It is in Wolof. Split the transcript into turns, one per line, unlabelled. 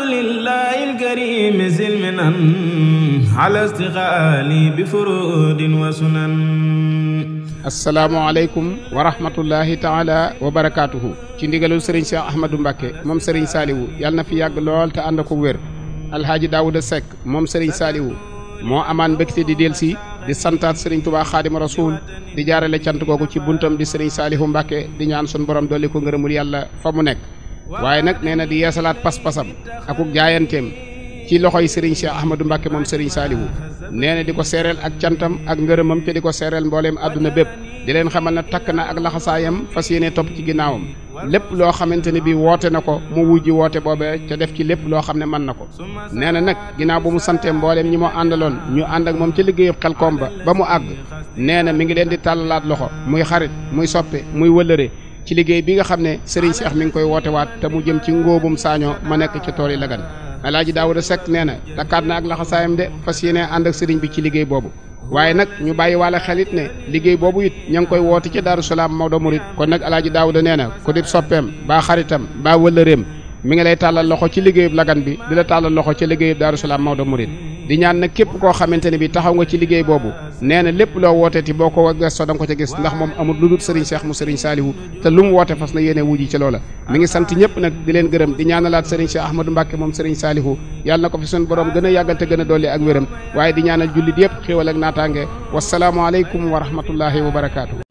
alhamdulillahi alkarim silminan ala istiqaali bi furudin wa sunan
asalaamualeykum wa rahmatullahi taala wa barakaatuhu ci ndigalul sëriñ Cheikh Ahmadou Mbacke moom sëriñ Saaliwu yàlla na fi yàgg lool te ànd ko wér alhaaji Daawuda Seck moom sëriñ Saaliwu moo amaan mbégte di delsi di santaat sëriñ Touba Xaadima Rasuul di jaarale cant googu ci buntam di sëriñ Saalihu Mbacke di ñaan sun borom dolli ko ngërëmul yàlla fa mu nekk waaye nag nee na di yeesalaat pas-pasam akuk jaayanteem ci loxoy Serigne Cheikh Ahmadou Mbacke moom Serigne Saliou nee na di ko seereel ak cantam ak ngërëmam te di ko seereel mbooleem àdduna bépp di leen xamal na takk na ak laxasaayam fas yéene topp ci ginnaawam lépp loo xamante ne bii woote na ko mu wujj woote boobee ca def ci lépp loo xam ne mën na ko nee na nag ginnaaw bu mu santee mbooleem ñi moo àndaloon ñu ànd ak moom ci liggéeyu xelkoom ba ba mu àgg nee na mi ngi leen di tàllalaat loxo muy xarit muy soppe muy wëllëre ci liggéey bi nga xam ne Serigne Cheikh mi ngi koy woote waat te mu jëm ci ngóobum saañoo ma nekk ci tool yi Lagane Alaaji Daawuda Sekk nee na takkaat na ak laxasaayam de fas yéene ànd ak Serigne bi ci liggéey boobu waaye nag ñu bàyyi waale xel it ne liggéey boobu it ña ngi koy woote ci Daaru Salaam Maodo Murid kon nag Alaaji Daawuda nee na ku dib soppeem baa xaritam baa wëllëreem mi ngi lay tàllal loxo ci liggéeyub lagan bi di la tàllal loxo ci liggéeyub Daaru Salaam Maodo Mouride di ñaan nag képp koo xamante ne bi taxaw nga ci liggéey boobu nee na lépp loo wooteeti boo ko gëstoo da nga ko ca gis ndax moom amul lu dul Serigne Cheikh mu Serigne Saliou te lu mu woote fas na yéene wuji ci loola mi ngi sant ñëpp nag di leen gërëm di ñaanalaat Serigne Cheikh Ahmadou Mbacke moom Serigne Saliou yàlla na ko fi suñu borom gën a yàggal te gën a dolli ak wéram waaye di ñaanal yëpp xéewal ak naataange wasalaamualeykum wa rahmatullahi wa barakaatu